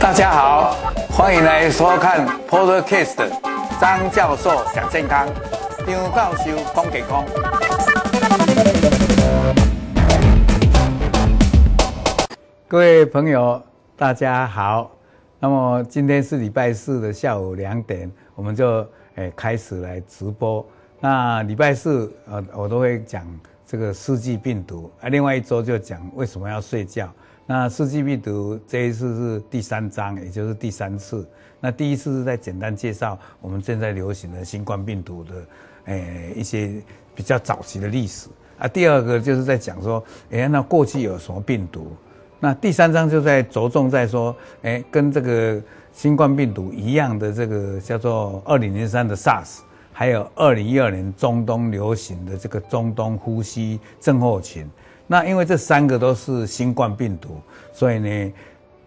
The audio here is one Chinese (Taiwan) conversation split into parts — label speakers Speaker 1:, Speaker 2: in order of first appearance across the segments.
Speaker 1: 大家好，歡迎來收看 Podcast 張教授講健康，張教授講健康。各位朋友，大家好。那麼今天是禮拜四的下午兩點，我們就哎、欸、開始來直播。那禮拜四，呃，我都會講。這個世紀病毒啊，另外一周就講為什麼要睡覺。那世紀病毒這一次是第三章，也就是第三次。那第一次是在簡單介紹我們正在流行的新冠病毒的誒、哎、一些比較早期的歷史啊。第二個就是在講說，哎，那過去有什麼病毒？那第三章就在着重在說，哎，跟這個新冠病毒一樣的這個叫做二零零三的 SARS。還有二零一二年中東流行的這個中東呼吸症候群，那因為這三個都是新冠病毒，所以呢，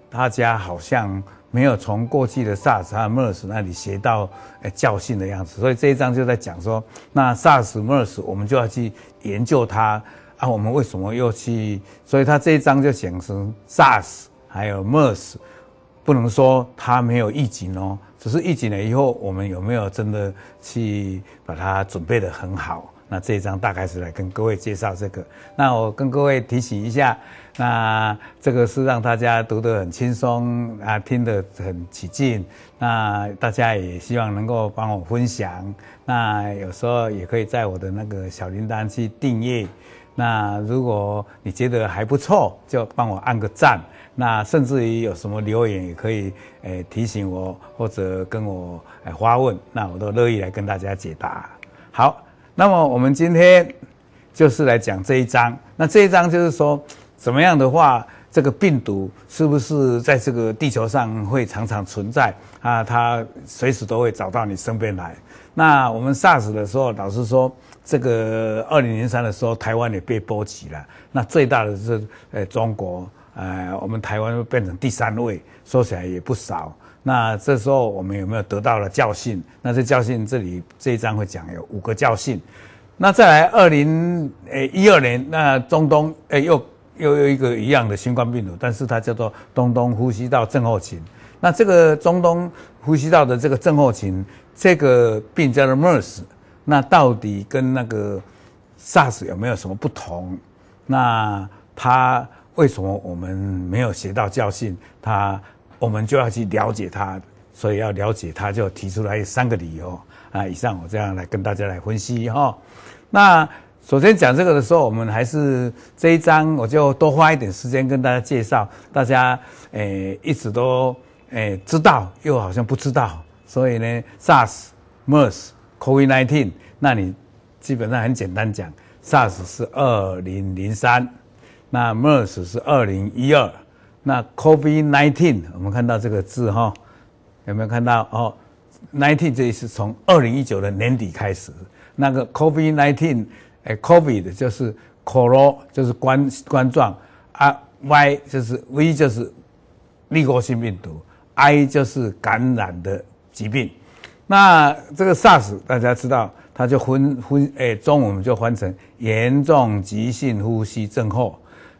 Speaker 1: 大家好像沒有從過去的 SARS 和 MERS 那裡學到誒、欸、教訓的樣子，所以這一章就在講說，那 SARS、MERS 我們就要去研究它啊，我們為什麼又去？所以它這一章就顯示 SARS 還有 MERS，不能說它沒有預警哦，只是預警了以後，我們有沒有真的去把它準備得很好？那這一章大概是來跟各位介紹這個。那我跟各位提醒一下，那這個是讓大家讀得很輕鬆啊，聽得很起勁。那大家也希望能夠幫我分享。那有時候也可以在我的那個小鈴鐺去訂閱。那如果你覺得還不錯，就幫我按個讚。那甚至於有什麼留言，也可以誒提醒我，或者跟我誒發問，那我都樂意來跟大家解答。好，那麼我們今天就是來講這一章。那這一章就是說，怎麼樣的話，這個病毒是不是在這個地球上會常常存在啊？它隨時都會找到你身邊來。那我們 SARS 的時候，老實說，這個二零零三的時候，台灣也被波及了。那最大的是誒中國。呃，我們台灣會變成第三位，說起來也不少。那這時候我們有沒有得到了教訓？那這教訓這裡這一章會講有五個教訓。那再來二零一二年，那中東、欸、又又有一個一樣的新冠病毒，但是它叫做中東呼吸道症候群。那這個中東呼吸道的這個症候群，這個病叫做 MERS，那到底跟那個 SARS 有沒有什麼不同？那它？為什麼我們沒有學到教訓？他，我們就要去了解他，所以要了解他，就提出來三個理由啊。以上我這樣來跟大家來分析哈。那首先講這個的時候，我們還是這一章，我就多花一點時間跟大家介紹。大家誒，一直都誒知道，又好像不知道，所以呢，SARS、MERS、COVID-19，那你基本上很簡單講，SARS 是二零零三。那 MERS 是二零一二，那 COVID nineteen 我們看到這個字哈，有沒有看到哦？nineteen 這一次是從二零一九的年底開始，那個 COVID 19,、欸、COVID nineteen，c o v i d 就是 coro 就是冠冠狀，啊，y 就是 v 就是，濾過性病毒，i 就是感染的疾病。那這個 SARS 大家知道，它就分分，誒、欸，中文我們就翻成嚴重急性呼吸症候。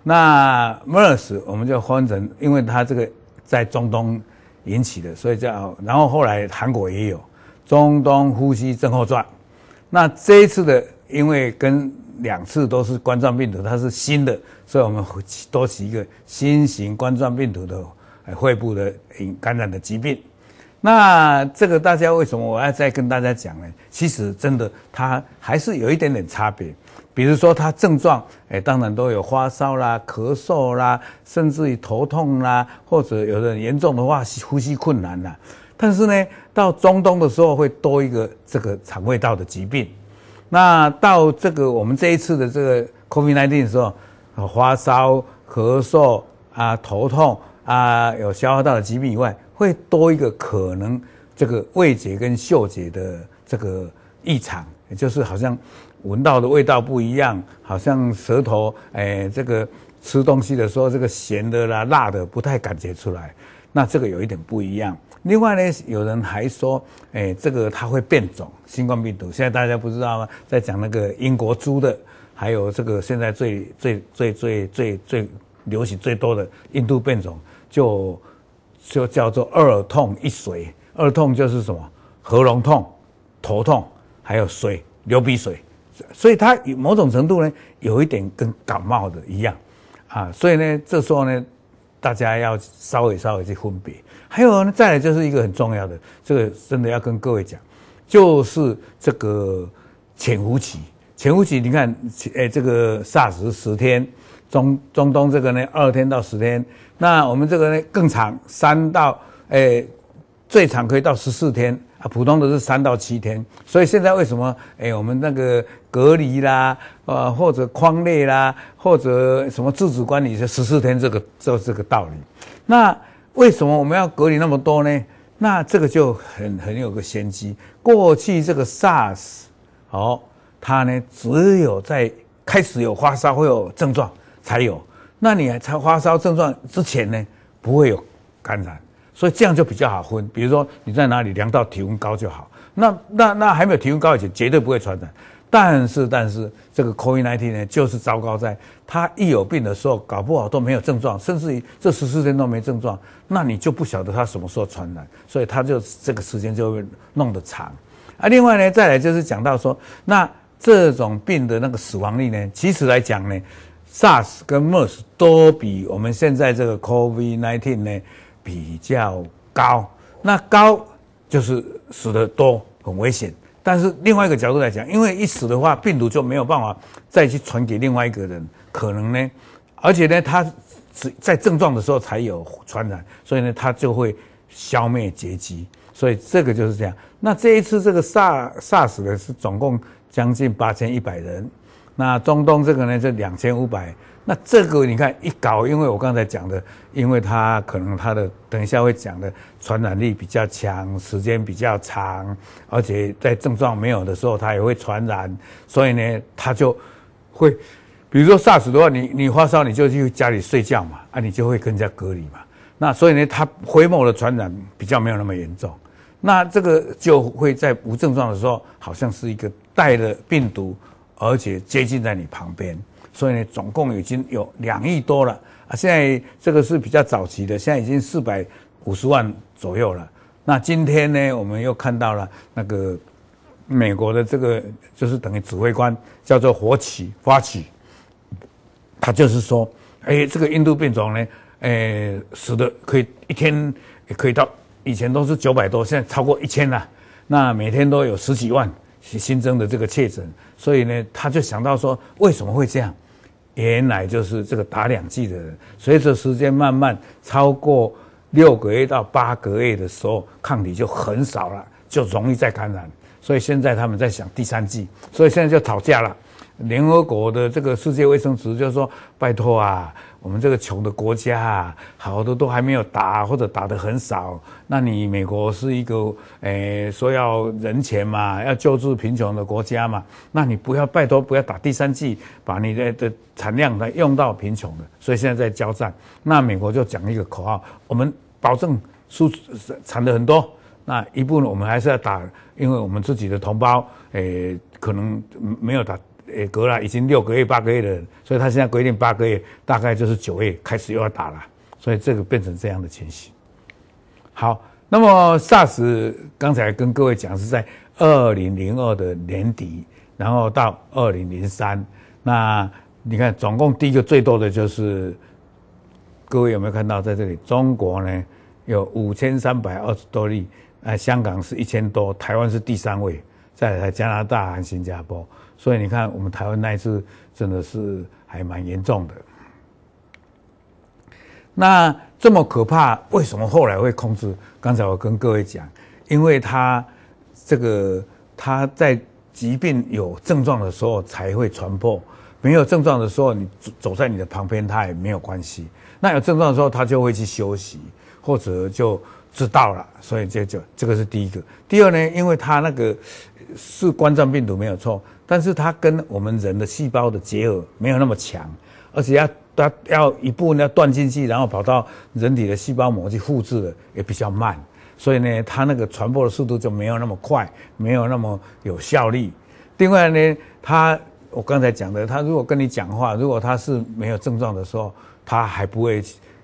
Speaker 1: 那 MERS 我們就分成，因為它這個在中東引起的，所以叫。然後後來韓國也有中東呼吸症候群。那這一次的，因為跟兩次都是冠狀病毒，它是新的，所以我們多起一個新型冠狀病毒的肺部的感染的疾病。那這個大家為什麼我要再跟大家講呢？其實真的它還是有一點點差別。比如說，他症狀，哎，當然都有發燒啦、咳嗽啦，甚至於頭痛啦，或者有的嚴重的話，呼吸困難啦。但是呢，到中東的時候會多一個這個腸胃道的疾病。那到這個我們這一次的這個 COVID-19 的時候，啊，發燒、咳嗽啊、頭痛啊，有消化道的疾病以外，會多一個可能這個味覺跟嗅覺的這個異常，也就是好像。聞到的味道不一樣，好像舌頭哎、欸，這個吃東西的時候，這個鹹的啦、辣的不太感覺出來。那這個有一點不一樣。另外呢，有人還說，哎、欸，這個它會變種，新冠病毒。現在大家不知道嗎？在講那個英國株，的，還有這個現在最最最最最最流行最多的印度變種，就就叫做二痛一水。二痛就是什麼？喉嚨痛、頭痛，還有水，流鼻水。所以它有某種程度呢，有一點跟感冒的一樣，啊，所以呢，這時候呢，大家要稍微稍微去分別。還有呢，再來就是一個很重要的，這個真的要跟各位講，就是這個潛伏期，潛伏期你看，哎、欸，這個 SARS 十天，中中東這個呢二天到十天，那我們這個呢更長，三到哎、欸，最長可以到十四天。啊，普通的是三到七天，所以現在為什麼？哎、欸，我們那個隔離啦，呃、啊，或者匡列啦，或者什麼自主管理是十四天，這個這這個道理。那為什麼我們要隔離那麼多呢？那這個就很很有個先機。過去這個 SARS，哦，它呢只有在開始有發燒或有症狀才有，那你還才發燒症狀之前呢，不會有感染。所以這樣就比較好分，比如說你在哪裡量到體溫高就好，那那那還沒有體溫高以前，絕對不會傳染。但是但是這個 COVID-19 呢，就是糟糕在它一有病的時候，搞不好都沒有症狀，甚至於這十四天都沒症狀，那你就不曉得它什麼時候傳染，所以它就這個時間就會弄得長。啊，另外呢，再來就是講到說，那這種病的那個死亡率呢，其實來講呢，SARS 跟 MERS 都比我們現在這個 COVID-19 呢，比較高，那高就是死的多，很危險。但是另外一個角度來講，因為一死的話，病毒就沒有辦法再去傳給另外一個人，可能呢，而且呢，它只在症狀的時候才有傳染，所以呢，它就會消滅絕跡。所以這個就是這樣。那這一次這個 SARS 的是總共將近八千一百人，那中東這個呢是兩千五百。那這個你看一搞，因為我剛才講的，因為它可能它的等一下會講的傳染力比較強，時間比較長，而且在症狀沒有的時候它也會傳染，所以呢它就會，比如說 SARS 的話，你你發燒你就去家裡睡覺嘛，啊你就會更加隔離嘛，那所以呢它回某的傳染比較沒有那麼嚴重，那這個就會在無症狀的時候，好像是一個帶了病毒，而且接近在你旁邊。所以呢，總共已經有兩億多了啊！現在這個是比較早期的，現在已經四百五十萬左右了。那今天呢，我們又看到了那個美國的這個就是等於指揮官叫做火起發起，他就是說，哎，這個印度變種呢，呃，死的可以一天也可以到，以前都是九百多，現在超過一千了。那每天都有十幾萬新新增的這個確診，所以呢，他就想到說，為什麼會這樣？原來就是這個打兩劑的人，隨着時間慢慢超過六個月到八個月的時候，抗體就很少了，就容易再感染。所以現在他們在想第三劑，所以現在就吵架了。聯合國的這個世界衛生組織就說：“拜托啊！”我們這個窮的國家、啊，好多都還沒有打或者打得很少。那你美國是一個，哎、欸，說要人錢嘛，要救助貧窮的國家嘛。那你不要拜托，不要打第三劑，把你的的產量來用到貧窮的。所以現在在交戰，那美國就講一個口號：我們保證出產的很多。那一部分我們還是要打，因為我們自己的同胞，哎、欸，可能沒有打。誒、欸，隔了已經六個月、八個月了，所以他現在規定八個月，大概就是九月開始又要打了，所以這個變成這樣的情形。好，那麼 SARS 剛才跟各位講是在二零零二的年底，然後到二零零三，那你看總共第一個最多的就是，各位有沒有看到在這裡？中國呢有五千三百二十多例，啊，香港是一千多，台灣是第三位，在加拿大和新加坡。所以你看，我們台灣那一次真的是還蠻嚴重的。那這麼可怕，為什麼後來會控制？剛才我跟各位講，因為他這個他在疾病有症狀的時候才會傳播，沒有症狀的時候，你走在你的旁邊，他也沒有關係。那有症狀的時候，他就會去休息或者就知道了。所以這就這個是第一個。第二呢，因為他那個是冠狀病毒沒有錯。但是它跟我們人的細胞的結合沒有那麼強，而且要它要一步呢斷進去，然後跑到人體的細胞膜去複製的也比較慢，所以呢，它那個傳播的速度就沒有那麼快，沒有那麼有效力。另外呢，它我剛才講的，它如果跟你講話，如果它是沒有症狀的時候，它還不會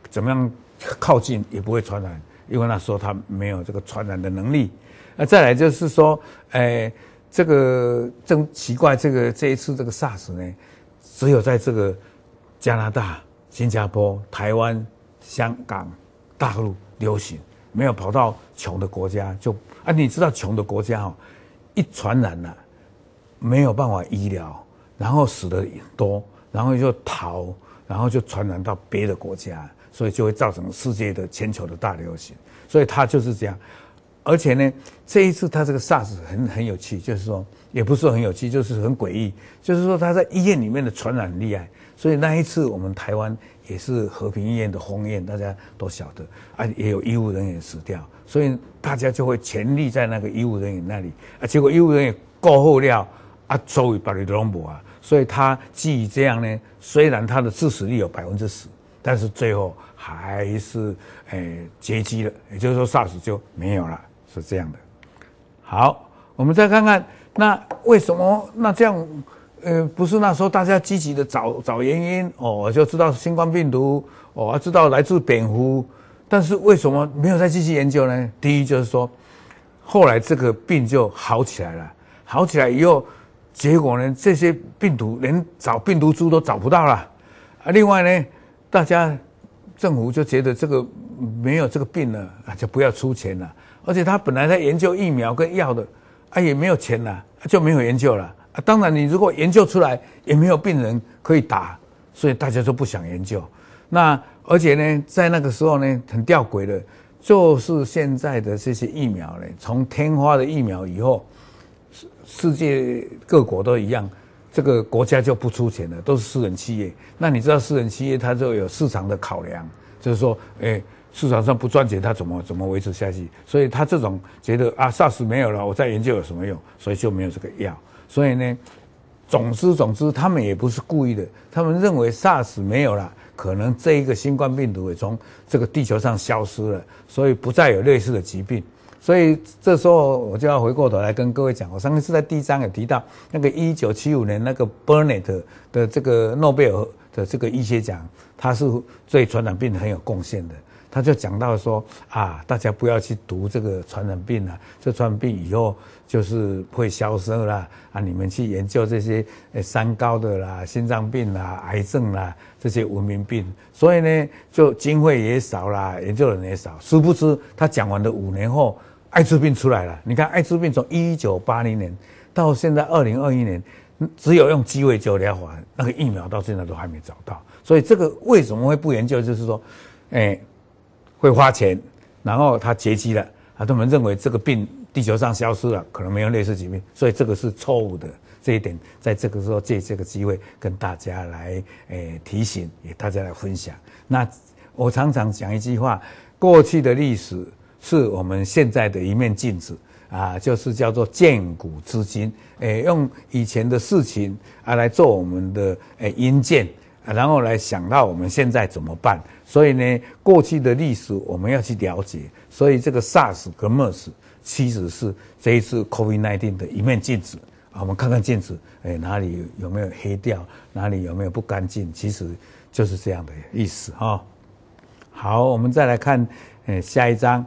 Speaker 1: 怎麼樣靠近，也不會傳染，因為那時候它沒有這個傳染的能力。那、啊、再來就是說，誒、呃。這個真奇怪，這個這一次這個 SARS 呢，只有在這個加拿大、新加坡、台灣、香港、大陸流行，沒有跑到窮的國家就啊，你知道窮的國家哦，一傳染了、啊、沒有辦法醫療，然後死的也多，然後就逃，然後就傳染到別的國家，所以就會造成世界的全球的大流行，所以它就是這樣。而且呢，這一次他這個 SARS 很很有趣，就是說也不是說很有趣，就是很詭異。就是說他在醫院裡面的傳染很厲害，所以那一次我們台灣也是和平醫院的封院，大家都曉得啊，也有醫務人員死掉，所以大家就會全力在那個醫務人員那裡啊。結果醫務人員過後了啊，周圍把裡攏無啊，所以他基於這樣呢，雖然他的致死率有百分之十，但是最後還是誒絕跡了，也就是說 SARS 就沒有了。是這樣的，好，我們再看看那為什麼那這樣，呃，不是那時候大家積極的找找原因哦，我就知道新冠病毒哦，啊，知道來自蝙蝠，但是為什麼沒有再繼續研究呢？第一就是說，後來這個病就好起來了，好起來以後，結果呢，這些病毒連找病毒株都找不到了，啊，另外呢，大家政府就覺得這個沒有這個病了，就不要出錢了。而且他本來在研究疫苗跟藥的，啊，也沒有錢了，就沒有研究了。啊，當然你如果研究出來，也沒有病人可以打，所以大家就不想研究。那而且呢，在那個時候呢，很弔詭的，就是現在的這些疫苗呢，從天花的疫苗以後，世世界各國都一樣，這個國家就不出錢了，都是私人企業。那你知道私人企業它就有市場的考量，就是說，誒、欸市場上不賺錢，他怎麼怎麼維持下去？所以他這種覺得啊，SARS 沒有了，我再研究有什麼用？所以就沒有這個藥。所以呢，總之總之，他們也不是故意的，他們認為 SARS 沒有了，可能這一個新冠病毒也從這個地球上消失了，所以不再有類似的疾病。所以這時候我就要回過頭來跟各位講，我上次在第一章也提到那個一九七五年那個 Burnett 的這個諾貝爾的這個醫學獎，他是對傳染病很有貢獻的。他就講到說啊，大家不要去讀這個傳染病了，啊，這傳染病以後就是會消失了啊！啊你們去研究這些呃三高的啦，心臟病啦，癌症啦這些文明病，所以呢，就經費也少啦，研究的人也少。殊不知，他講完了五年後，艾滋病出來了。你看，艾滋病從一九八零年到現在二零二一年，只有用雞尾酒療法，那個疫苗到現在都還沒找到。所以，這個為什麼會不研究？就是說，哎會花錢，然後他絕跡了啊！他們認為這個病地球上消失了，可能沒有類似疾病，所以這個是錯誤的。這一點在這個時候借這個機會跟大家來誒、呃、提醒，也大家來分享。那我常常講一句話：過去的歷史是我們現在的一面鏡子啊，就是叫做鑒古知今。呃。誒，用以前的事情啊來做我們的誒引鑒、呃然後來想到我們現在怎麼辦？所以呢，過去的歷史我們要去了解。所以這個 SARS 和 MERS 其實是這一次 COVID-19 的一面鏡子。我們看看鏡子，哎，哪裡有沒有黑掉？哪裡有沒有不乾淨？其實就是這樣的意思啊。好，我們再來看，哎，下一章。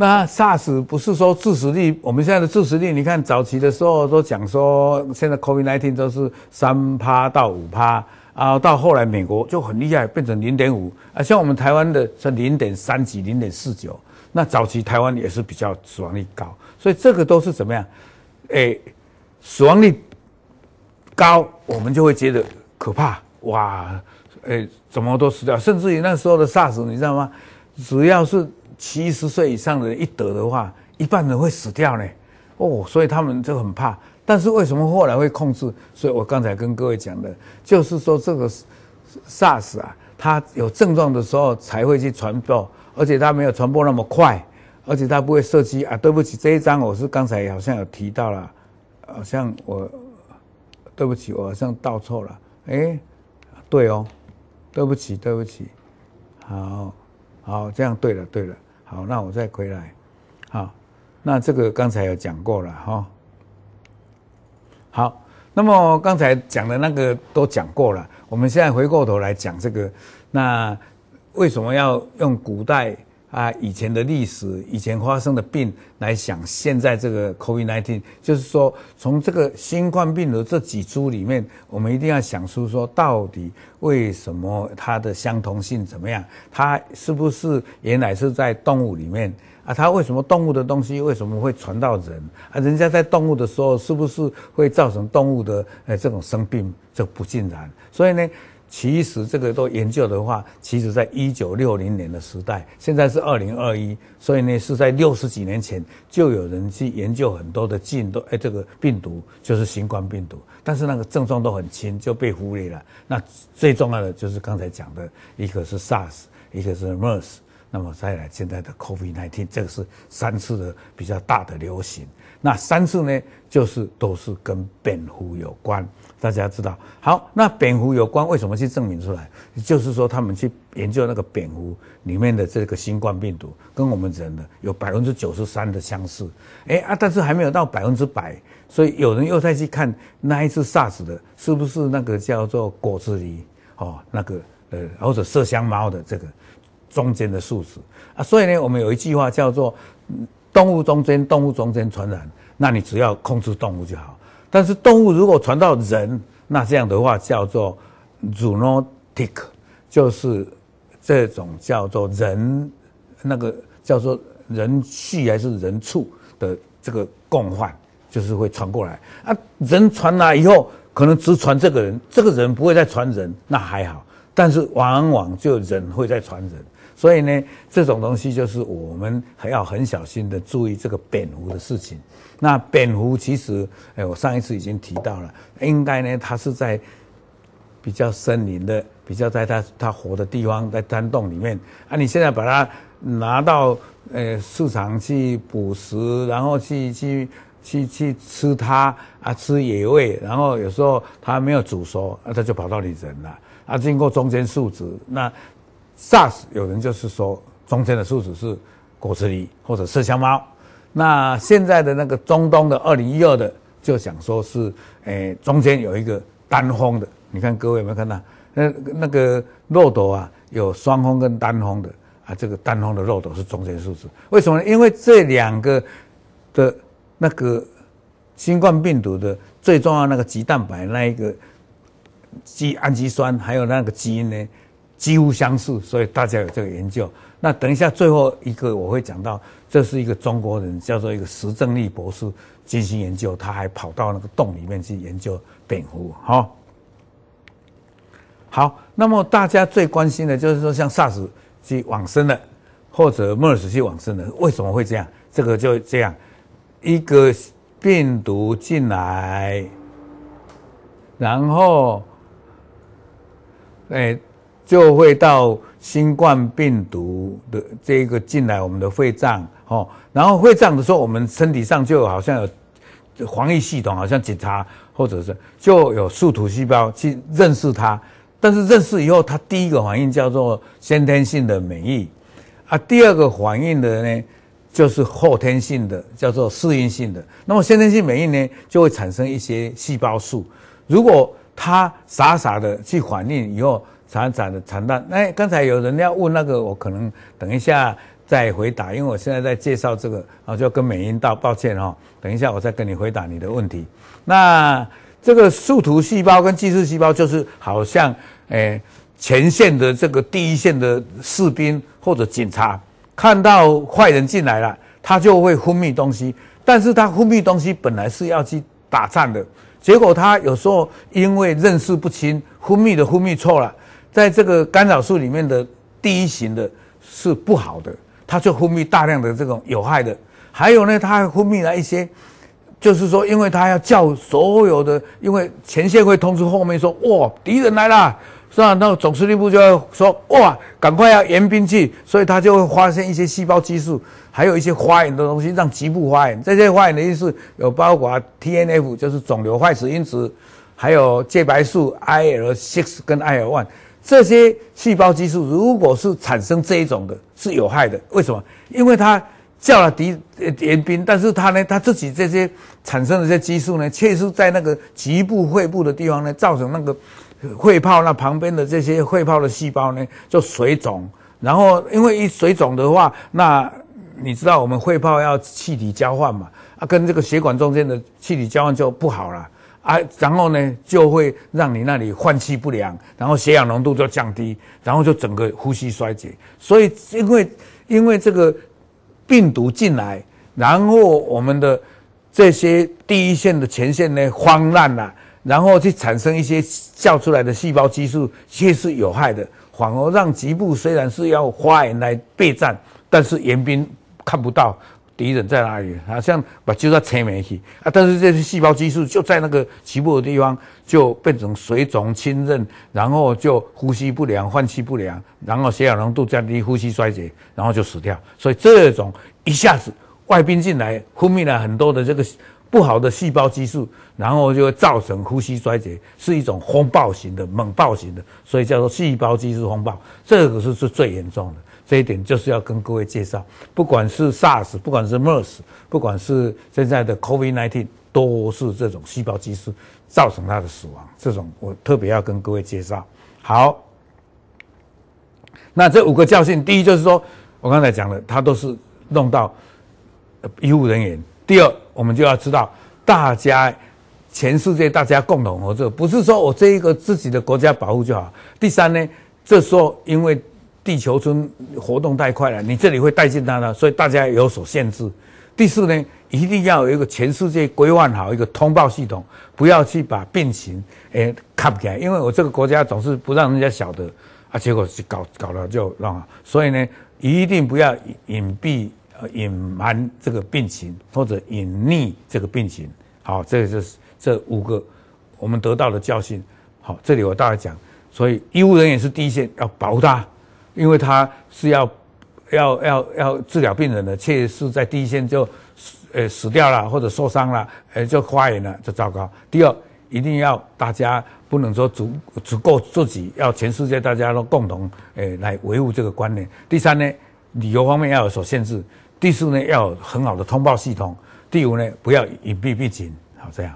Speaker 1: 那 SARS 不是說致死率，我們現在的致死率，你看早期的時候都講說，現在 COVID nineteen 都是三趴到五趴啊，然後到後來美國就很厲害，變成零點五，啊，像我們台灣的是零點三幾、零點四九，那早期台灣也是比較死亡率高，所以這個都是怎麼樣？誒，死亡率高，我們就會覺得可怕，哇，誒，怎麼都死掉，甚至於那時候的 SARS，你知道嗎？只要是。七十歲以上的人一得的話，一半人會死掉呢。哦，所以他們就很怕。但是為什麼後來會控制？所以我剛才跟各位講的，就是說這個 SARS 啊，它有症狀的時候才會去傳播，而且它沒有傳播那麼快，而且它不會射擊啊。對不起，這一張我是剛才好像有提到了，好像我對不起，我好像到錯了。哎、欸，對哦，對不起，對不起，好好這樣對了，對了。好，那我再回來。好，那這個剛才有講過了哈。好，那麼剛才講的那個都講過了，我們現在回過頭來講這個，那，為什麼要用古代？啊，以前的歷史，以前發生的病，來想現在這個 COVID-19，就是說，從這個新冠病毒這幾株裡面，我們一定要想出說，到底為什麼它的相同性怎麼樣？它是不是原來是在動物裡面啊？它為什麼動物的東西為什麼會傳到人啊？人家在動物的時候，是不是會造成動物的呃、哎、這種生病？這不盡然。所以呢？其實這個都研究的話，其實，在一九六零年的時代，現在是二零二一，所以呢，是在六十幾年前就有人去研究很多的進，都，哎，這個病毒就是新冠病毒，但是那個症狀都很輕，就被忽略了。那最重要的就是剛才講的，一個是 SARS，一個是 MERS，那麼再來現在的 COVID-19，這個是三次的比較大的流行。那三次呢，就是都是跟蝙蝠有關。大家知道，好，那蝙蝠有關，為什麼去證明出來？就是說他們去研究那個蝙蝠裡面的這個新冠病毒，跟我們人的有百分之九十三的相似，哎、欸、啊，但是還沒有到百分之百，所以有人又再去看那一次 SARS 的是不是那個叫做果子狸哦，那個呃或者麝香貓的這個中間的宿主啊，所以呢，我們有一句話叫做動物中間動物中間傳染，那你只要控制動物就好。但是動物如果傳到人，那這樣的話叫做 zoonotic，就是這種叫做人那個叫做人畜還是人畜的這個共患，就是會傳過來啊。人傳來以後，可能只傳這個人，這個人不會再傳人，那還好。但是往往就人會再傳人。所以呢，這種東西就是我們還要很小心的注意這個蝙蝠的事情。那蝙蝠其實，哎、欸，我上一次已經提到了，應該呢，它是在比較森林的，比較在它它活的地方，在山洞裡面。啊，你現在把它拿到呃市場去捕食，然後去去去去吃它啊，吃野味，然後有時候它沒有煮熟，啊，它就跑到你人了。啊，經過中間數值，那。SARS 有人就是說，中間的宿主是果子狸或者麝香貓，那現在的那個中東的二零一二的就想說是、欸，誒中間有一個單峰的，你看各位有沒有看到？那那個駱駝啊有雙峰跟單峰的啊，這個單峰的駱駝是中間宿主，為什麼呢？因為這兩個的那個新冠病毒的最重要那個棘蛋白，那一個基氨基酸還有那個基因呢？幾乎相似，所以大家有這個研究。那等一下最後一個我會講到，這是一個中國人叫做一個石正麗博士進行研究，他還跑到那個洞裡面去研究蝙蝠。好，好，那麼大家最關心的就是說，像薩斯去往生的，或者莫爾 s 去往生的，為什麼會這樣？這個就這樣，一個病毒進來，然後，欸就會到新冠病毒的這個進來我們的肺臟，哦。然後肺臟的時候，我們身體上就好像有防疫系統，好像警察或者是就有樹突細胞去認識它。但是認識以後，它第一個反應叫做先天性的免疫，啊，第二個反應的呢就是後天性的叫做適應性的。那麼先天性免疫呢就會產生一些細胞素，如果它傻傻的去反應以後。長長的長淡，誒剛才有人要問那個，我可能等一下再回答，因為我現在在介紹這個，然後就跟美英道抱歉哈、哦，等一下我再跟你回答你的問題。那這個樹突細胞跟巨噬細胞就是好像誒前線的這個第一線的士兵或者警察，看到壞人進來了，他就會分泌東西，但是他分泌東西本來是要去打仗的，結果他有時候因為認識不清，分泌的分泌錯了。在這個干擾素裡面的第一型的是不好的，它就分泌大量的這種有害的，還有呢，它還分泌了一些，就是說，因為它要叫所有的，因為前線會通知後面說，哇，敵人來了，是吧、啊？那總司令部就要說，哇，趕快要援兵去，所以他就會發現一些細胞激素，還有一些發炎的東西讓局部發炎。這些發炎的意思有包括 TNF，就是腫瘤壞死因子，還有介白素 IL6 跟 IL1。1, 這些細胞激素如果是產生這一種的，是有害的。為什麼？因為它叫了敵援兵，但是它呢，它自己這些產生的這些激素呢，卻是在那個局部肺部的地方呢，造成那個肺泡那旁邊的這些肺泡的細胞呢就水腫。然後因為一水腫的話，那你知道我們肺泡要氣體交換嘛？啊，跟這個血管中間的氣體交換就不好了。啊，然後呢，就會讓你那裡換氣不良，然後血氧濃度就降低，然後就整個呼吸衰竭。所以，因為因為這個病毒進來，然後我們的這些第一線的前線呢，慌亂了，然後去產生一些叫出來的細胞激素，卻是有害的，反而讓局部雖然是要花園來備戰，但是援兵看不到。敵人在哪裡？好像不就在前面去啊？但是這些細胞激素就在那個局部的地方就變成水腫、浸潤，然後就呼吸不良、換氣不良，然後血氧濃度降低、呼吸衰竭，然後就死掉。所以這種一下子外賓進來，分泌了很多的這個不好的細胞激素，然後就會造成呼吸衰竭，是一種風暴型的、猛暴型的，所以叫做細胞激素風暴，這個是是最嚴重的。這一點就是要跟各位介紹，不管是 SARS，不管是 MERS，不管是現在的 COVID-19，都是這種細胞激素造成它的死亡。這種我特別要跟各位介紹。好，那這五個教訓，第一就是說我剛才講了，它都是弄到醫護人員。第二，我們就要知道，大家全世界大家共同合作，不是說我這一個自己的國家保護就好。第三呢，這時候因為地球村活動太快了，你這裡會帶進他的，所以大家有所限制。第四呢，一定要有一個全世界規範好一個通報系統，不要去把病情誒看不見，因為我這個國家總是不讓人家曉得啊，結果搞搞了就亂。所以呢，一定不要隱蔽、隱瞞這個病情，或者隱匿這個病情。好、哦，這個就是這五個我們得到的教訓。好、哦，這裡我大概講，所以醫務人員是第一線，要保護他。因為他是要要要要治療病人呢，確實在第一線就死呃死掉了或者受傷了，呃就發炎了就糟糕。第二，一定要大家不能說足足夠自己，要全世界大家都共同誒、哎、來維護這個觀念。第三呢，旅遊方面要有所限制。第四呢，要有很好的通報系統。第五呢，不要隱蔽疫情，好這樣。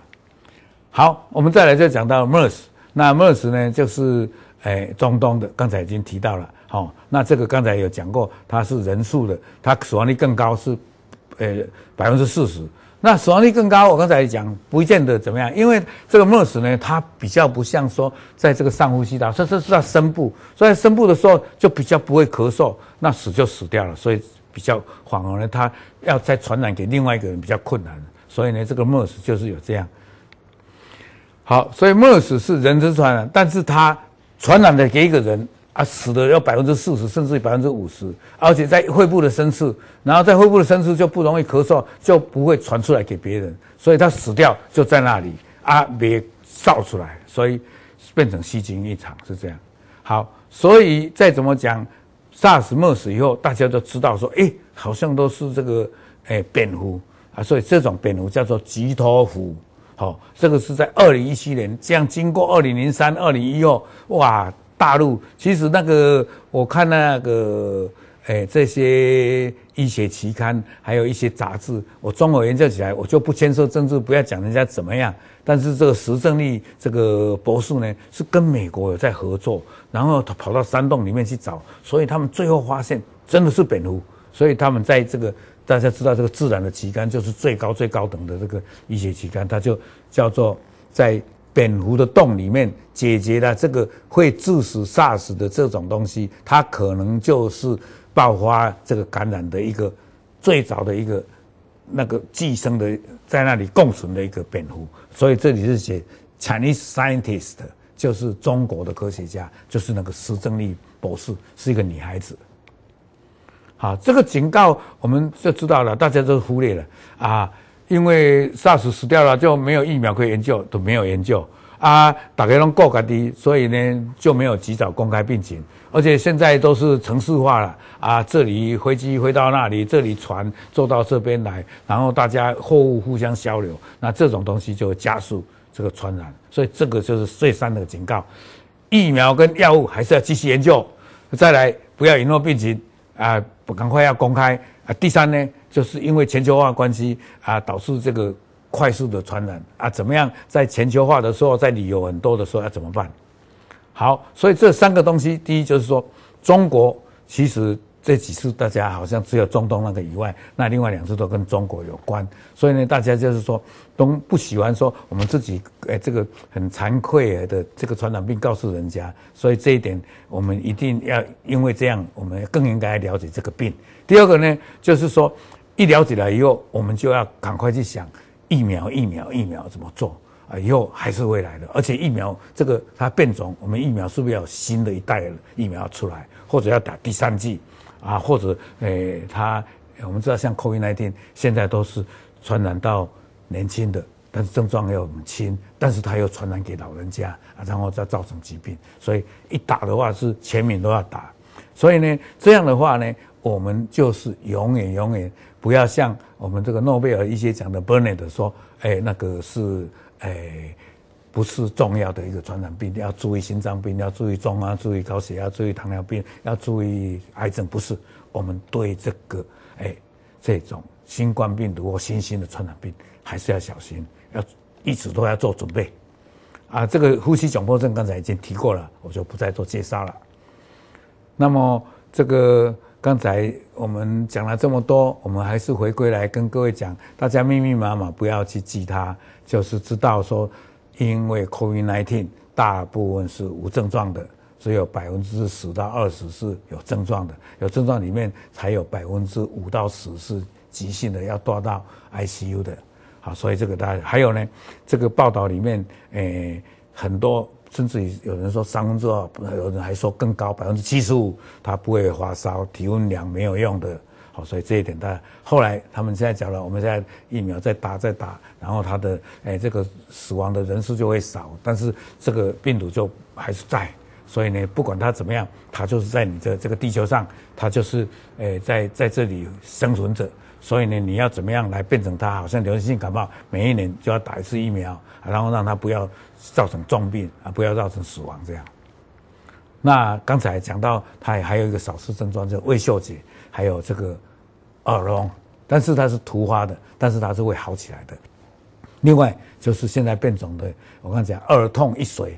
Speaker 1: 好，我們再來再講到 MERS，那 MERS 呢就是誒、哎、中東的，剛才已經提到了。哦，那這個剛才有講過，它是人數的，它死亡率更高是，呃，百分之四十。那死亡率更高，我剛才講，不見得怎麼樣，因為這個 MERS 呢，它比較不像說，在這個上呼吸道，這是在深部，所以在深部的時候就比較不會咳嗽，那死就死掉了，所以比較反而呢，它要再傳染給另外一個人比較困難，所以呢，這個 MERS 就是有這樣。好，所以 MERS 是人之傳染，但是它傳染的給一個人。啊，死的要百分之四十，甚至百分之五十，而且在肺部的深處，然後在肺部的深處就不容易咳嗽，就不會傳出來給別人，所以他死掉就在那裡啊，別造出來，所以變成虛驚一場是這樣。好，所以再怎麼講 SARS、MERS 以後，大家都知道說，哎、欸，好像都是這個哎、欸、蝙蝠啊，所以這種蝙蝠叫做菊頭蝠。好、哦，這個是在二零一七年，這樣經過二零零三、二零一二，哇。大陸其實那個，我看那個，誒、欸、這些醫學期刊，還有一些雜誌，我中國研究起來，我就不牽涉政治，不要講人家怎麼樣。但是這個石正麗這個博士呢，是跟美國有在合作，然後他跑到山洞裡面去找，所以他們最後發現真的是蝙蝠。所以他們在這個大家知道，這個《自然》的期刊就是最高最高等的這個醫學期刊，它就叫做在。蝙蝠的洞裡面解決了這個會致死、殺死的這種東西，它可能就是爆發這個感染的一個最早的一個那個寄生的，在那裡共存的一個蝙蝠。所以這裡是寫 Chinese scientist，就是中國的科學家，就是那個石正麗博士，是一個女孩子。好，這個警告我們就知道了，大家都忽略了啊。因為 SARS 死掉了，就沒有疫苗可以研究，都沒有研究啊！大家攏顧家己，所以呢就沒有及早公開病情。而且現在都是城市化了啊，這裡飛機飛到那裡，這裡船坐到這邊來，然後大家貨物互相交流，那這種東西就會加速這個傳染。所以這個就是碎山的警告：疫苗跟藥物還是要繼續研究，再來不要隱瞞病情啊！不，趕快要公開啊！第三呢，就是因為全球化的關係啊，導致這個快速的傳染啊，怎麼樣在全球化的時候，在旅遊很多的時候要怎麼辦？好，所以這三個東西，第一就是說，中國其實。這幾次大家好像只有中東那個以外，那另外兩次都跟中國有關，所以呢，大家就是說都不喜歡說我們自己誒，這個很慚愧的這個傳染病告訴人家，所以這一點我們一定要，因為這樣我們更應該了解這個病。第二個呢，就是說一了解了以後，我們就要趕快去想疫苗，疫苗，疫苗怎麼做啊？以後還是會來的，而且疫苗這個它變種，我們疫苗是不是要有新的一代的疫苗出來，或者要打第三劑？啊，或者誒，他，欸、我們知道像 COVID 那天，19現在都是傳染到年輕的，但是症狀又很輕，但是他又傳染給老人家，啊，然後再造成疾病。所以一打的話是全民都要打。所以呢，這樣的話呢，我們就是永遠永遠不要像我們這個諾貝爾醫學獎的 Burnet 說，誒、欸，那個是誒。欸不是重要的一個傳染病，要注意心臟病，要注意中啊，要注意高血壓，要注意糖尿病，要注意癌症。不是我們對這個誒、哎、這種新冠病毒或新興的傳染病，還是要小心，要一直都要做準備。啊，這個呼吸窘迫症剛才已經提過了，我就不再做介紹了。那麼這個剛才我們講了這麼多，我們還是回歸來跟各位講，大家密密麻麻不要去記它，就是知道說。因為 COVID-19 大部分是無症狀的，只有百分之十到二十是有症狀的，有症狀裡面才有百分之五到十是急性的，要轉到 ICU 的。好，所以這個大家還有呢，這個報道裡面，誒、呃，很多甚至於有人說三分之二，有人還說更高，百分之七十五，他不會發燒，體溫量沒有用的。好，所以這一點，大家後來他們現在講了，我們現在疫苗在打，在打，然後它的，哎，這個死亡的人數就會少，但是這個病毒就還是在，所以呢，不管它怎麼樣，它就是在你的這個地球上，它就是，哎，在在這裡生存着，所以呢，你要怎麼樣來變成它，好像流行性感冒，每一年就要打一次疫苗，然後讓它不要造成重病啊，不要造成死亡這樣。那剛才講到，它也還有一個少數症狀，叫味嗅覺。還有這個耳聾，但是它是突發的，但是它是會好起來的。另外就是現在變種的，我剛才講，耳痛、一水，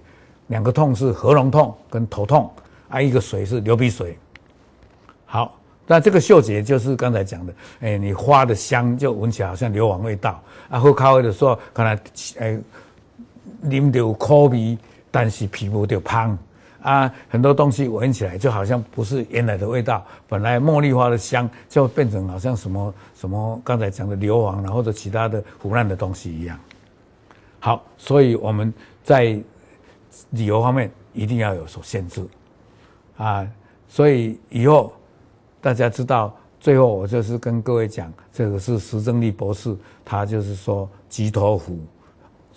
Speaker 1: 兩個痛是喉嚨痛跟頭痛，啊，一個水是流鼻水。好，那這個嗅覺就是剛才講的，哎，你花的香就聞起來好像硫磺味道。啊，喝咖啡的時候可能，哎，啉到咖啡，但是皮膚就胖。啊，很多東西聞起來就好像不是原來的味道，本來茉莉花的香就變成好像什麼什麼剛才講的硫磺然、啊、或者其他的腐爛的東西一樣。好，所以我們在旅遊方面一定要有所限制啊。所以以後大家知道，最後我就是跟各位講，這個是石正麗博士，他就是說菊頭蝠。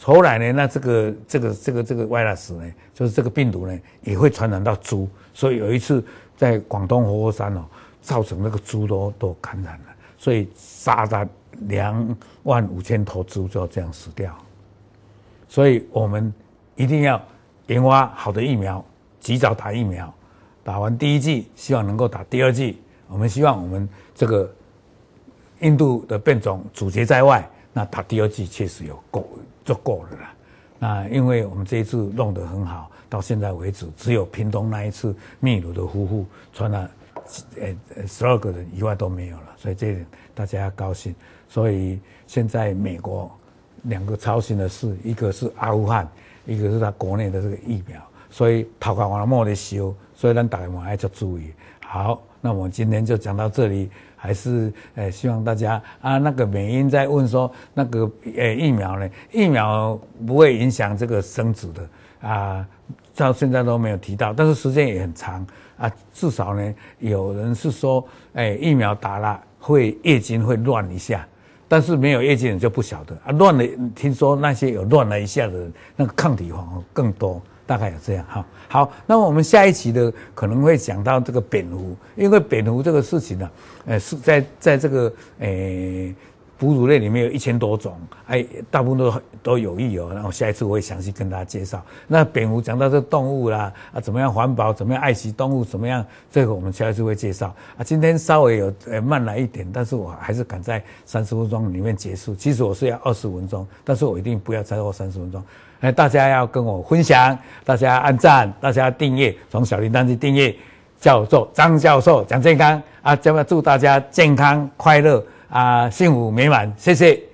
Speaker 1: 後來呢，那這個這個這個這個 virus 呢，就是這個病毒呢，也會傳染到豬。所以有一次在廣東佛山哦，造成那個豬都都感染了，所以殺掉兩萬五千頭豬就要這樣死掉。所以我們一定要研發好的疫苗，及早打疫苗，打完第一劑，希望能夠打第二劑。我們希望我們這個印度的變種阻截在外。那打第二劑確實有夠足夠了啦。那因為我們這一次弄得很好，到現在為止，只有屏東那一次秘魯的夫婦傳了，十二個人以外都沒有了，所以這一點大家要高興。所以現在美國兩個操心的事，一個是阿富汗，一個是他國內的這個疫苗。所以頭殼完了莫得修，所以咱台灣愛要注意。好，那我們今天就講到這裡。還是誒、欸，希望大家啊，那個美英在問說，那個誒、欸、疫苗呢？疫苗不會影響這個生殖的啊，到現在都沒有提到，但是時間也很長啊。至少呢，有人是說，誒、欸，疫苗打了會月經會亂一下，但是沒有月經的人就不曉得啊。亂了，聽說那些有亂了一下的人，那個抗體反而更多。大概有這樣哈，好，那麼我們下一期的可能會講到這個蝙蝠，因為蝙蝠這個事情呢、啊，呃，是在在這個誒。欸哺乳類裡面有一千多種，哎，大部分都都有益哦。然後我下一次我會詳細跟大家介紹。那蝙蝠講到這動物啦，啊，怎麼樣環保，怎麼樣愛惜動物，怎麼樣？這個我們下一次會介紹。啊，今天稍微有呃、欸、慢來一點，但是我還是趕在三十分鐘裡面結束。其實我是要二十分鐘，但是我一定不要超過三十分鐘。哎，大家要跟我分享，大家按讚，大家訂閱，從小鈴鐺去訂閱，叫做張教授講健康啊，這麼祝大家健康快樂。啊，幸福美滿，謝謝。